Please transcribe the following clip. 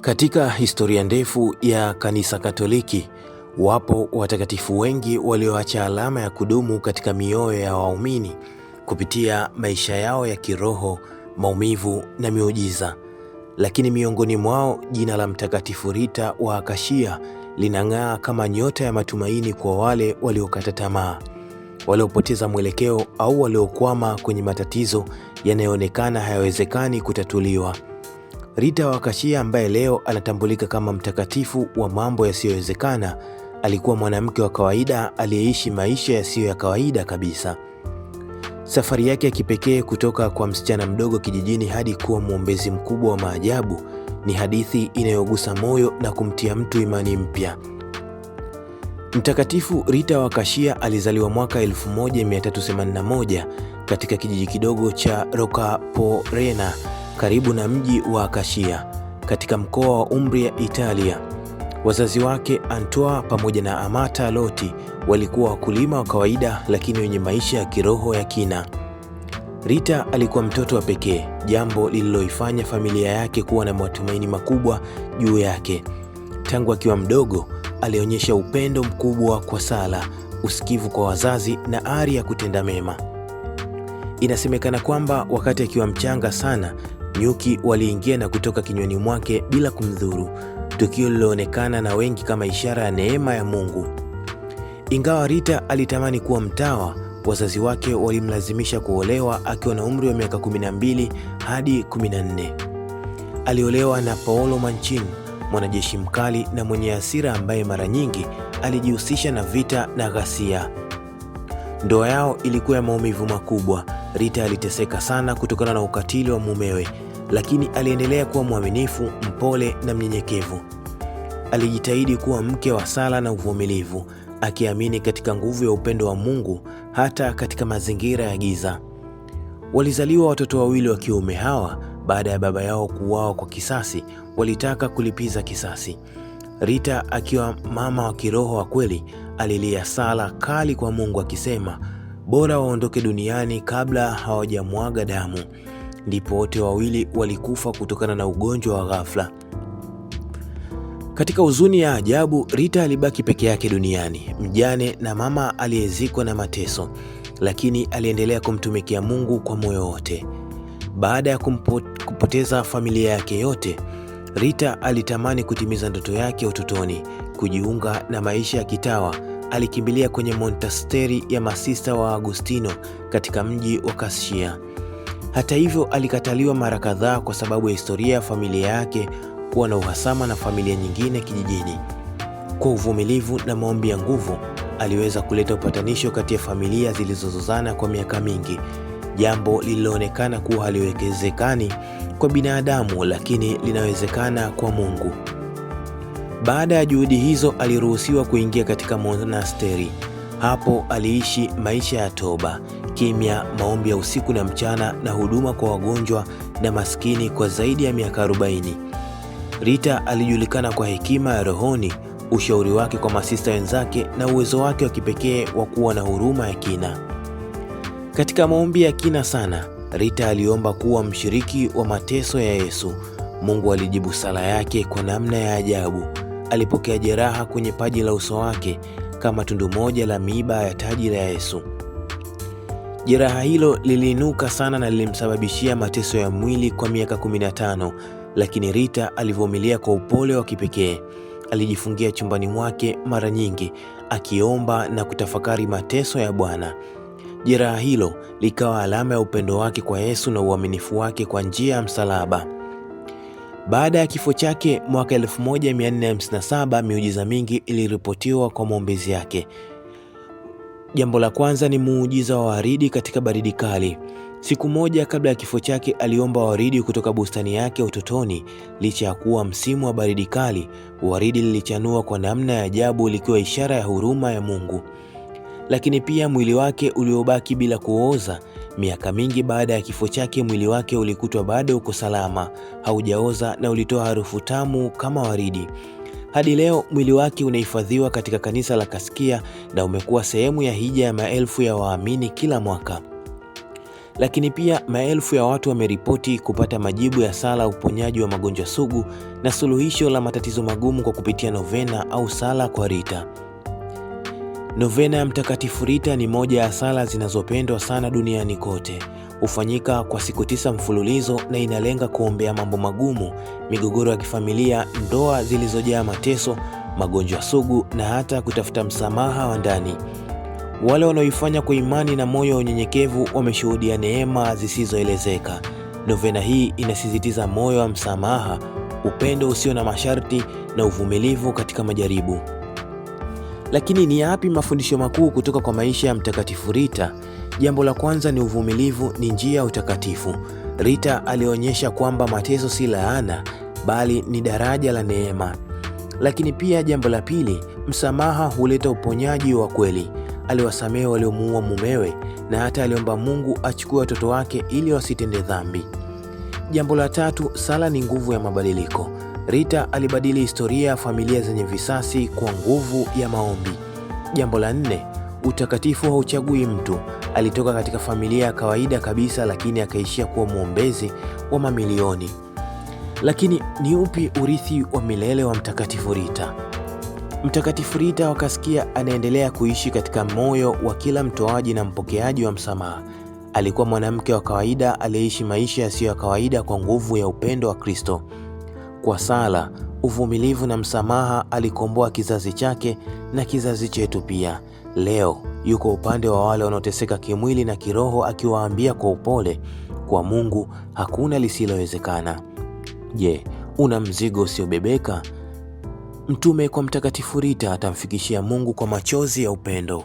Katika historia ndefu ya Kanisa Katoliki, wapo watakatifu wengi walioacha alama ya kudumu katika mioyo ya waumini kupitia maisha yao ya kiroho, maumivu na miujiza. Lakini miongoni mwao, jina la Mtakatifu Rita wa Akashia linang'aa kama nyota ya matumaini kwa wale waliokata tamaa, waliopoteza mwelekeo au waliokwama kwenye matatizo yanayoonekana hayawezekani kutatuliwa. Rita wakashia ambaye leo anatambulika kama mtakatifu wa mambo yasiyowezekana, alikuwa mwanamke wa kawaida aliyeishi maisha yasiyo ya kawaida kabisa. Safari yake ya kipekee kutoka kwa msichana mdogo kijijini hadi kuwa mwombezi mkubwa wa maajabu ni hadithi inayogusa moyo na kumtia mtu imani mpya. Mtakatifu Rita wakashia alizaliwa mwaka 1381 katika kijiji kidogo cha Rokaporena karibu na mji wa Kashia katika mkoa wa Umbria, Italia. Wazazi wake Antoa pamoja na Amata Loti walikuwa wakulima wa kawaida lakini wenye maisha ya kiroho ya kina. Rita alikuwa mtoto wa pekee, jambo lililoifanya familia yake kuwa na matumaini makubwa juu yake. Tangu akiwa mdogo, alionyesha upendo mkubwa kwa sala, usikivu kwa wazazi na ari ya kutenda mema. Inasemekana kwamba wakati akiwa mchanga sana, Nyuki waliingia na kutoka kinywani mwake bila kumdhuru, tukio lililoonekana na wengi kama ishara ya neema ya Mungu. Ingawa Rita alitamani kuwa mtawa, wazazi wake walimlazimisha kuolewa akiwa na umri wa miaka 12 hadi 14. Aliolewa na Paolo Mancini, mwanajeshi mkali na mwenye hasira ambaye mara nyingi alijihusisha na vita na ghasia. Ndoa yao ilikuwa ya maumivu makubwa Rita aliteseka sana kutokana na ukatili wa mumewe, lakini aliendelea kuwa mwaminifu, mpole na mnyenyekevu. Alijitahidi kuwa mke wa sala na uvumilivu, akiamini katika nguvu ya upendo wa Mungu hata katika mazingira ya giza. Walizaliwa watoto wawili wa kiume. Hawa, baada ya baba yao kuuawa kwa kisasi, walitaka kulipiza kisasi. Rita, akiwa mama wa kiroho wa kweli, alilia sala kali kwa Mungu akisema bora waondoke duniani kabla hawajamwaga damu. Ndipo wote wawili walikufa kutokana na ugonjwa wa ghafla. Katika huzuni ya ajabu, Rita alibaki peke yake duniani, mjane na mama aliyezikwa na mateso, lakini aliendelea kumtumikia Mungu kwa moyo wote. Baada ya kupoteza familia yake yote, Rita alitamani kutimiza ndoto yake utotoni, kujiunga na maisha ya kitawa alikimbilia kwenye monasteri ya masista wa Agustino katika mji wa Kasia. Hata hivyo, alikataliwa mara kadhaa kwa sababu ya historia ya familia yake kuwa na uhasama na familia nyingine kijijini. Kwa uvumilivu na maombi ya nguvu, aliweza kuleta upatanisho kati ya familia zilizozozana kwa miaka mingi, jambo lililoonekana kuwa haliwezekani kwa binadamu, lakini linawezekana kwa Mungu. Baada ya juhudi hizo, aliruhusiwa kuingia katika monasteri. Hapo aliishi maisha ya toba, kimya, maombi ya usiku na mchana, na huduma kwa wagonjwa na maskini kwa zaidi ya miaka 40. Rita alijulikana kwa hekima ya rohoni, ushauri wake kwa masista wenzake na uwezo wake wa kipekee wa kuwa na huruma ya kina. Katika maombi ya kina sana, Rita aliomba kuwa mshiriki wa mateso ya Yesu. Mungu alijibu sala yake kwa namna ya ajabu alipokea jeraha kwenye paji la uso wake kama tundu moja la miiba ya taji la Yesu. Jeraha hilo liliinuka sana na lilimsababishia mateso ya mwili kwa miaka 15, lakini Rita alivumilia kwa upole wa kipekee. Alijifungia chumbani mwake mara nyingi, akiomba na kutafakari mateso ya Bwana. Jeraha hilo likawa alama ya upendo wake kwa Yesu na uaminifu wake kwa njia ya msalaba. Baada ya kifo chake mwaka 1457 miujiza mingi iliripotiwa kwa maombezi yake. Jambo la kwanza ni muujiza wa waridi katika baridi kali. Siku moja kabla ya kifo chake aliomba waridi kutoka bustani yake utotoni. Licha ya kuwa msimu wa baridi kali, waridi lilichanua kwa namna ya ajabu, likiwa ishara ya huruma ya Mungu. Lakini pia mwili wake uliobaki bila kuoza Miaka mingi baada ya kifo chake, mwili wake ulikutwa bado uko salama, haujaoza na ulitoa harufu tamu kama waridi. Hadi leo mwili wake unahifadhiwa katika kanisa la Kaskia na umekuwa sehemu ya hija ya maelfu ya waamini kila mwaka. Lakini pia maelfu ya watu wameripoti kupata majibu ya sala, uponyaji wa magonjwa sugu na suluhisho la matatizo magumu kwa kupitia novena au sala kwa Rita. Novena ya Mtakatifu Rita ni moja ya sala zinazopendwa sana duniani kote. Hufanyika kwa siku tisa mfululizo na inalenga kuombea mambo magumu, migogoro ya kifamilia, ndoa zilizojaa mateso, magonjwa sugu na hata kutafuta msamaha wa ndani. Wale wanaoifanya kwa imani na moyo wa unyenyekevu wameshuhudia neema zisizoelezeka. Novena hii inasisitiza moyo wa msamaha, upendo usio na masharti na uvumilivu katika majaribu. Lakini ni yapi mafundisho makuu kutoka kwa maisha ya Mtakatifu Rita? Jambo la kwanza ni uvumilivu ni njia ya utakatifu. Rita alionyesha kwamba mateso si laana, bali ni daraja la neema. Lakini pia jambo la pili, msamaha huleta uponyaji wa kweli. Aliwasamehe waliomuua mumewe na hata aliomba Mungu achukue watoto wake ili wasitende dhambi. Jambo la tatu, sala ni nguvu ya mabadiliko. Rita alibadili historia ya familia zenye visasi kwa nguvu ya maombi. Jambo la nne, utakatifu hauchagui mtu. Alitoka katika familia ya kawaida kabisa, lakini akaishia kuwa mwombezi wa mamilioni. Lakini ni upi urithi wa milele wa Mtakatifu Rita? Mtakatifu Rita wa anaendelea kuishi katika moyo wa kila mtoaji na mpokeaji wa msamaha. Alikuwa mwanamke wa kawaida aliyeishi maisha yasiyo ya kawaida kwa nguvu ya upendo wa Kristo. Kwa sala, uvumilivu na msamaha alikomboa kizazi chake na kizazi chetu pia. Leo yuko upande wa wale wanaoteseka kimwili na kiroho, akiwaambia kwa upole, kwa Mungu hakuna lisilowezekana. Je, una mzigo usiobebeka? Mtume kwa Mtakatifu Rita atamfikishia Mungu kwa machozi ya upendo.